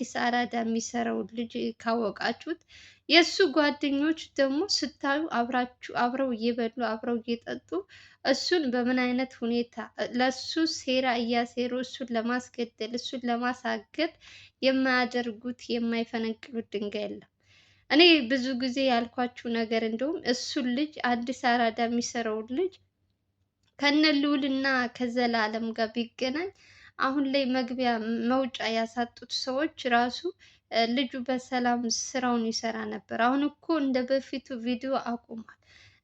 አዲስ አራዳ የሚሰራው ልጅ ካወቃችሁት፣ የእሱ ጓደኞች ደግሞ ስታዩ አብራችሁ አብረው እየበሉ አብረው እየጠጡ እሱን በምን አይነት ሁኔታ ለሱ ሴራ እያሴሩ እሱን ለማስገደል እሱን ለማሳገድ የማያደርጉት የማይፈነቅሉት ድንጋይ የለም። እኔ ብዙ ጊዜ ያልኳችሁ ነገር እንደውም እሱን ልጅ አዲስ አራዳ የሚሰራውን ልጅ ከነ ልዑል እና ከዘላለም ጋር ቢገናኝ አሁን ላይ መግቢያ መውጫ ያሳጡት ሰዎች ራሱ ልጁ በሰላም ስራውን ይሰራ ነበር። አሁን እኮ እንደ በፊቱ ቪዲዮ አቁሟል።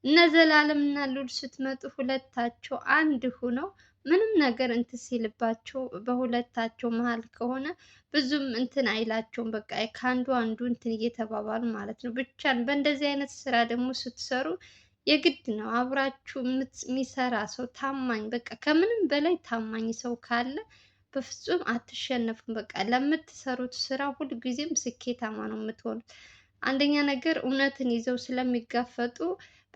እነ ዘላለም እና ሉል ስትመጡ ሁለታቸው አንድ ሁነው ምንም ነገር እንትን ሲልባቸው በሁለታቸው መሀል ከሆነ ብዙም እንትን አይላቸውም። በቃ ከአንዱ አንዱ እንትን እየተባባሉ ማለት ነው። ብቻን በእንደዚህ አይነት ስራ ደግሞ ስትሰሩ የግድ ነው አብራችሁ የሚሰራ ሰው ታማኝ፣ በቃ ከምንም በላይ ታማኝ ሰው ካለ በፍጹም አትሸነፉም። በቃ ለምትሰሩት ስራ ጊዜም ስኬታማ ነው የምትሆኑት። አንደኛ ነገር እውነትን ይዘው ስለሚጋፈጡ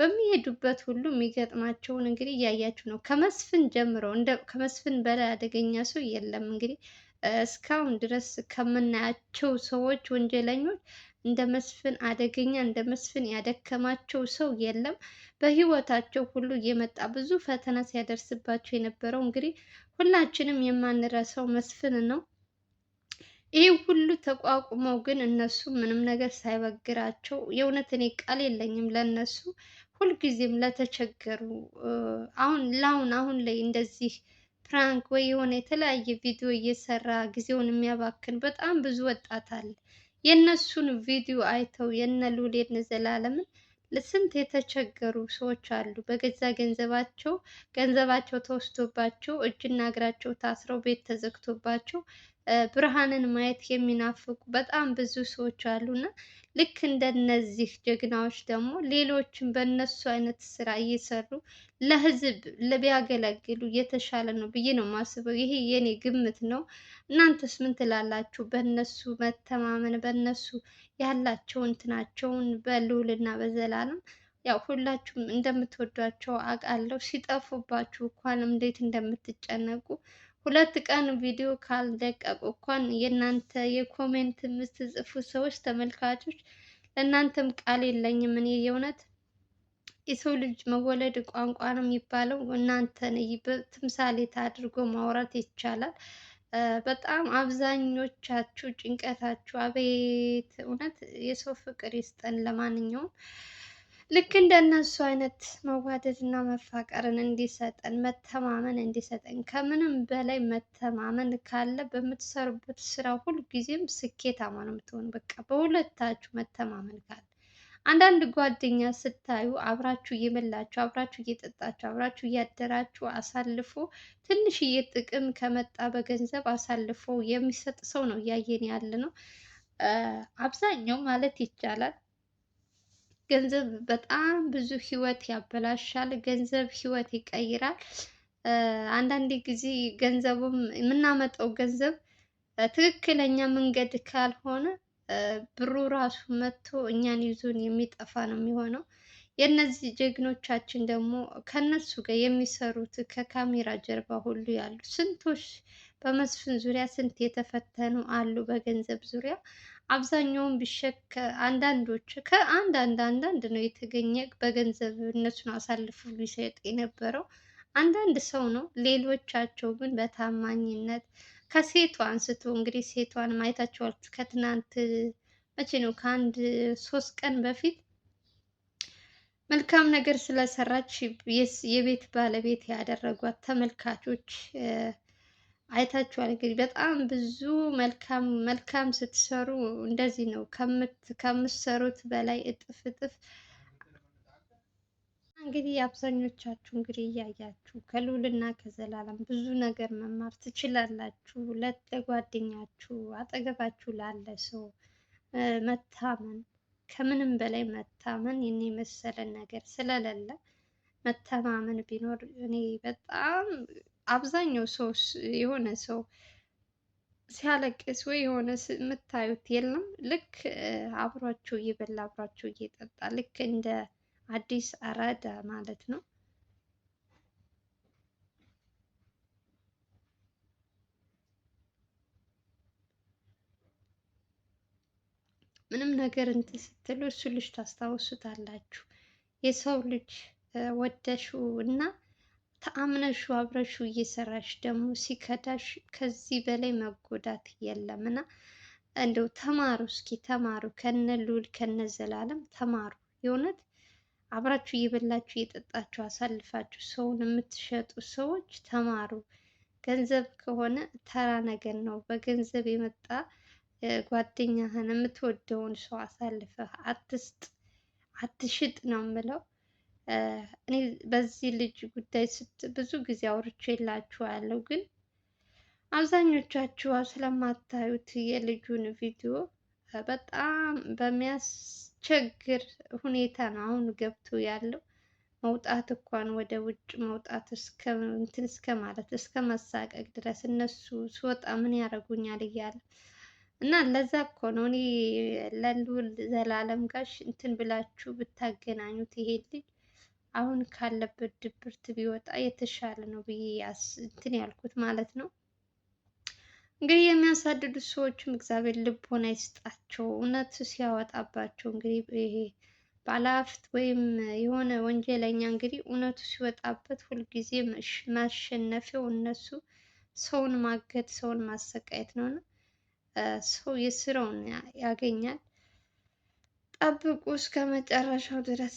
በሚሄዱበት ሁሉ የሚገጥማቸውን እንግዲህ እያያችሁ ነው። ከመስፍን ጀምሮ ከመስፍን በላይ አደገኛ ሰው የለም። እንግዲህ እስካሁን ድረስ ከምናያቸው ሰዎች ወንጀለኞች እንደ መስፍን አደገኛ እንደ መስፍን ያደከማቸው ሰው የለም። በህይወታቸው ሁሉ እየመጣ ብዙ ፈተና ሲያደርስባቸው የነበረው እንግዲህ ሁላችንም የማንረሳው መስፍን ነው። ይህ ሁሉ ተቋቁመው ግን እነሱ ምንም ነገር ሳይበግራቸው የእውነት እኔ ቃል የለኝም ለእነሱ ሁልጊዜም ለተቸገሩ አሁን ላሁን አሁን ላይ እንደዚህ ፕራንክ ወይ የሆነ የተለያየ ቪዲዮ እየሰራ ጊዜውን የሚያባክን በጣም ብዙ ወጣት አለ። የእነሱን ቪዲዮ አይተው የነ ሉሌ ዘላለምን ስንት የተቸገሩ ሰዎች አሉ። በገዛ ገንዘባቸው ገንዘባቸው ተወስዶባቸው እጅና እግራቸው ታስረው ቤት ተዘግቶባቸው ብርሃንን ማየት የሚናፍቁ በጣም ብዙ ሰዎች አሉና ልክ እንደነዚህ ጀግናዎች ደግሞ ሌሎችን በእነሱ አይነት ስራ እየሰሩ ለህዝብ ቢያገለግሉ የተሻለ ነው ብዬ ነው የማስበው። ይሄ የኔ ግምት ነው። እናንተስ ምን ትላላችሁ? በእነሱ መተማመን፣ በእነሱ ያላቸው እንትናቸውን እና በዘላለም ያው ሁላችሁም እንደምትወዷቸው አውቃለሁ። ሲጠፉባችሁ እንኳን እንዴት እንደምትጨነቁ ሁለት ቀን ቪዲዮ ካልለቀቁ እንኳን የእናንተ የኮሜንት የምትጽፉ ሰዎች ተመልካቾች ለእናንተም ቃል የለኝም። እኔ የእውነት የሰው ልጅ መወለድ ቋንቋ ነው የሚባለው። እናንተ በትምሳሌት አድርጎ ማውራት ይቻላል። በጣም አብዛኞቻችሁ ጭንቀታችሁ አቤት! እውነት የሰው ፍቅር ይስጠን። ለማንኛውም ልክ እንደ እነሱ አይነት መዋደድ እና መፋቀርን እንዲሰጠን መተማመን እንዲሰጠን ከምንም በላይ መተማመን ካለ በምትሰሩበት ስራ ጊዜም ስኬታማ ነው የምትሆኑ። በቃ በሁለታችሁ መተማመን ካለ አንዳንድ ጓደኛ ስታዩ አብራችሁ እየበላችሁ፣ አብራችሁ እየጠጣችሁ፣ አብራችሁ እያደራችሁ አሳልፎ ትንሽዬ ጥቅም ከመጣ በገንዘብ አሳልፎ የሚሰጥ ሰው ነው እያየን ያለ ነው አብዛኛው ማለት ይቻላል። ገንዘብ በጣም ብዙ ህይወት ያበላሻል። ገንዘብ ህይወት ይቀይራል። አንዳንድ ጊዜ ገንዘቡም የምናመጣው ገንዘብ ትክክለኛ መንገድ ካልሆነ ብሩ ራሱ መጥቶ እኛን ይዞን የሚጠፋ ነው የሚሆነው። የእነዚህ ጀግኖቻችን ደግሞ ከነሱ ጋር የሚሰሩት ከካሜራ ጀርባ ሁሉ ያሉ ስንቶች በመስፍን ዙሪያ ስንት የተፈተኑ አሉ በገንዘብ ዙሪያ አብዛኛውን ብሸክ አንዳንዶች ከአንድ አንድ አንዳንድ ነው የተገኘ በገንዘብ እነሱን አሳልፎ ሊሰጥ የነበረው አንዳንድ ሰው ነው። ሌሎቻቸው ግን በታማኝነት ከሴቷ አንስቶ እንግዲህ ሴቷን ማየታቸዋል። ከትናንት መቼ ነው ከአንድ ሶስት ቀን በፊት መልካም ነገር ስለሰራች የቤት ባለቤት ያደረጓት ተመልካቾች አይታችኋል። እንግዲህ በጣም ብዙ መልካም መልካም ስትሰሩ እንደዚህ ነው ከምትሰሩት በላይ እጥፍ እጥፍ። እንግዲህ አብዛኞቻችሁ እንግዲህ እያያችሁ ከልዑልና ከዘላለም ብዙ ነገር መማር ትችላላችሁ። ለጓደኛችሁ፣ አጠገባችሁ ላለ ሰው መታመን ከምንም በላይ መታመን የኔ መሰለን ነገር ስለሌለ መተማመን ቢኖር እኔ በጣም አብዛኛው ሰው የሆነ ሰው ሲያለቅስ ወይ የሆነ የምታዩት የለም። ልክ አብሯቸው እየበላ አብሯቸው እየጠጣ ልክ እንደ አዲስ አራዳ ማለት ነው። ምንም ነገር እንትን ስትሉ እሱ ልጅ ታስታውሱታላችሁ። የሰው ልጅ ወደሹ እና ተአምነሹ አብረሹ እየሰራሽ ደግሞ ሲከዳሽ ከዚህ በላይ መጎዳት የለም እና እንደው ተማሩ እስኪ ተማሩ፣ ከነ ልዑል ከነ ዘላለም ተማሩ። የእውነት አብራችሁ እየበላችሁ እየጠጣችሁ አሳልፋችሁ ሰውን የምትሸጡ ሰዎች ተማሩ። ገንዘብ ከሆነ ተራ ነገር ነው። በገንዘብ የመጣ ጓደኛህን የምትወደውን ሰው አሳልፈህ አትስጥ፣ አትሽጥ ነው የምለው። እኔ በዚህ ልጅ ጉዳይ ብዙ ጊዜ አውርቼ የላችኋለሁ፣ ግን አብዛኞቻችሁ ስለማታዩት የልጁን ቪዲዮ በጣም በሚያስቸግር ሁኔታ ነው አሁን ገብቶ ያለው። መውጣት እንኳን ወደ ውጭ መውጣት እንትን እስከ ማለት እስከ መሳቀቅ ድረስ እነሱ ስወጣ ምን ያደርጉኛል እያለ እና ለዛ እኮ ነው እኔ ለልዑል ዘላለም ጋሽ እንትን ብላችሁ ብታገናኙት ይሄ ልጅ አሁን ካለበት ድብርት ቢወጣ የተሻለ ነው ብዬ እንትን ያልኩት ማለት ነው። እንግዲህ የሚያሳድዱ ሰዎችም እግዚአብሔር ልቦና ይስጣቸው። እውነት ሲያወጣባቸው እንግዲህ ይሄ ባለሀብት ወይም የሆነ ወንጀለኛ እንግዲህ እውነቱ ሲወጣበት ሁልጊዜ ማሸነፊያው እነሱ ሰውን ማገድ፣ ሰውን ማሰቃየት ነውና ሰው የስራውን ያገኛል። ጠብቁ እስከ መጨረሻው ድረስ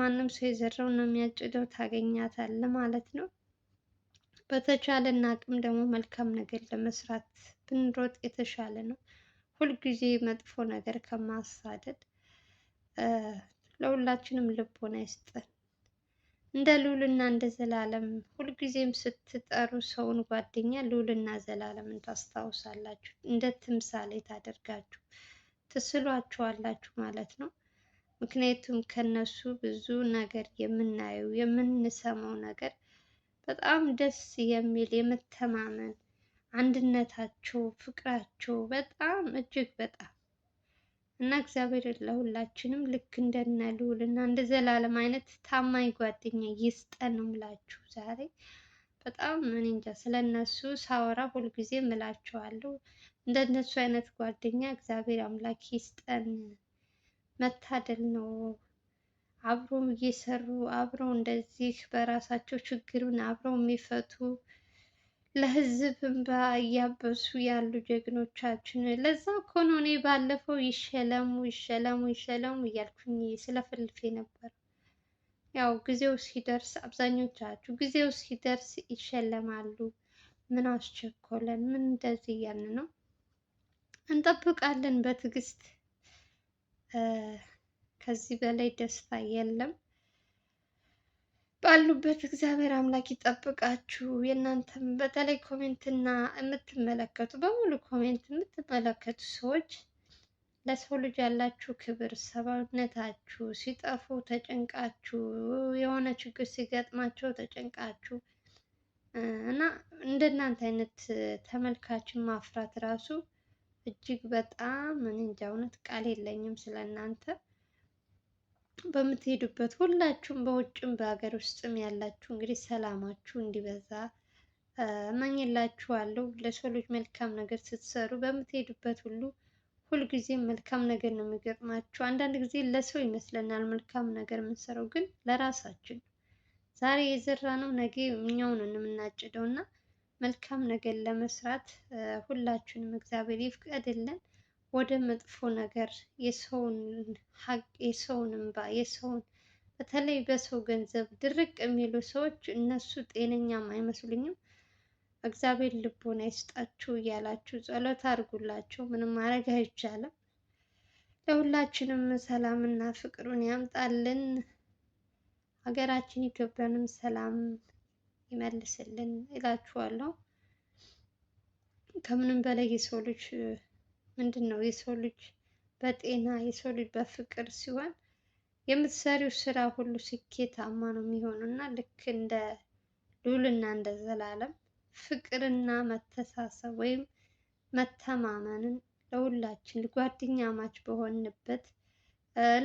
ማንም ሰው የዘራውን ነው የሚያጭደው። ታገኛታል ማለት ነው። በተቻለን አቅም ደግሞ መልካም ነገር ለመስራት ብንሮጥ የተሻለ ነው። ሁልጊዜ መጥፎ ነገር ከማሳደድ ለሁላችንም ልቦና ይስጠን። እንደ ሉልና እንደ ዘላለም ሁልጊዜም ስትጠሩ ሰውን ጓደኛ ልዑልና ዘላለምን ታስታውሳላችሁ። እንደ ትምሳሌ ታደርጋችሁ። ትስሏቸዋላችሁ ማለት ነው። ምክንያቱም ከነሱ ብዙ ነገር የምናየው የምንሰማው ነገር በጣም ደስ የሚል የመተማመን አንድነታቸው፣ ፍቅራቸው በጣም እጅግ በጣም እና እግዚአብሔር ለሁላችንም ልክ እንደነ ልዑል እና እንደ ዘላለም አይነት ታማኝ ጓደኛ ይስጠን ነው ምላችሁ። ዛሬ በጣም እኔ እንጃ እነሱ ሳወራ ሁልጊዜ እምላችኋለሁ። እንደነሱ አይነት ጓደኛ እግዚአብሔር አምላክ ይስጠን። መታደል ነው። አብሮ እየሰሩ አብሮ እንደዚህ በራሳቸው ችግሩን አብሮ የሚፈቱ ለህዝብ እንባ እያበሱ ያሉ ጀግኖቻችን። ለዛ እኮ ነው እኔ ባለፈው ይሸለሙ ይሸለሙ ይሸለሙ እያልኩኝ ስለፈልፌ ነበር። ያው ጊዜው ሲደርስ አብዛኞቻችሁ ጊዜው ሲደርስ ይሸለማሉ። ምን አስቸኮለን? ምን እንደዚህ እያልን ነው እንጠብቃለን በትዕግስት። ከዚህ በላይ ደስታ የለም። ባሉበት እግዚአብሔር አምላክ ይጠብቃችሁ። የእናንተም በተለይ ኮሜንት እና የምትመለከቱ በሙሉ ኮሜንት የምትመለከቱ ሰዎች ለሰው ልጅ ያላችሁ ክብር፣ ሰብአዊነታችሁ ሲጠፉ ተጨንቃችሁ፣ የሆነ ችግር ሲገጥማቸው ተጨንቃችሁ እና እንደናንተ አይነት ተመልካችን ማፍራት ራሱ እጅግ በጣም እኔ እንጃ እውነት ቃል የለኝም ስለ እናንተ። በምትሄዱበት ሁላችሁም በውጭም በሀገር ውስጥም ያላችሁ እንግዲህ ሰላማችሁ እንዲበዛ እመኝላችኋለሁ። ለሰው ልጅ መልካም ነገር ስትሰሩ በምትሄዱበት ሁሉ ሁልጊዜም መልካም ነገር ነው የሚገጥማችሁ። አንዳንድ ጊዜ ለሰው ይመስለናል መልካም ነገር የምንሰራው፣ ግን ለራሳችን ዛሬ የዘራነው ነገ እኛውን የምናጭደው እና መልካም ነገር ለመስራት ሁላችንም እግዚአብሔር ይፍቀድልን። ወደ መጥፎ ነገር የሰውን ሀቅ የሰውን እንባ የሰውን በተለይ በሰው ገንዘብ ድርቅ የሚሉ ሰዎች እነሱ ጤነኛም አይመስሉኝም። እግዚአብሔር ልቦና ይስጣችሁ እያላችሁ ጸሎት አድርጉላቸው። ምንም ማድረግ አይቻልም። ለሁላችንም ሰላምና ፍቅሩን ያምጣልን። ሀገራችን ኢትዮጵያንም ሰላም ይመልስልን እላችኋለሁ። ከምንም በላይ የሰው ልጅ ምንድን ነው የሰው ልጅ በጤና የሰው ልጅ በፍቅር ሲሆን የምትሰሪው ስራ ሁሉ ስኬታማ ነው የሚሆነው እና ልክ እንደ ሉልና እንደ ዘላለም ፍቅርና መተሳሰብ ወይም መተማመንን ለሁላችን ጓደኛማች በሆንበት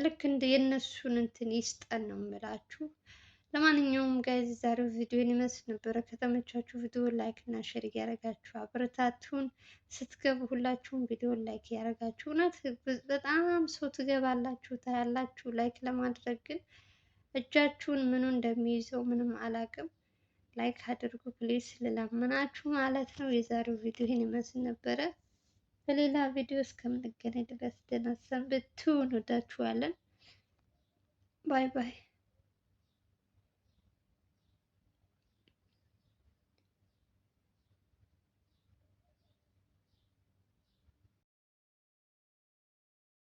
ልክ እንደ የእነሱን እንትን ይስጠን ነው የምላችሁ። ለማንኛውም ጋይዝ ዛሬው ቪዲዮ ይመስል ነበረ። ከተመቻችሁ ቪዲዮ ላይክ እና ሼር እያደረጋችሁ አበረታቱን። ስትገቡ ሁላችሁም ቪዲዮ ላይክ እያደረጋችሁ እውነት በጣም ሰው ትገባላችሁ ታያላችሁ። ላይክ ለማድረግ ግን እጃችሁን ምኑ እንደሚይዘው ምንም አላቅም። ላይክ አድርጉ ፕሊስ ልለምናችሁ ማለት ነው። የዛሬው ቪዲዮ ይህን ይመስል ነበረ። በሌላ ቪዲዮ እስከምንገናኝ ድረስ ደህና ሰንብቱ። እንወዳችኋለን። ባይ ባይ።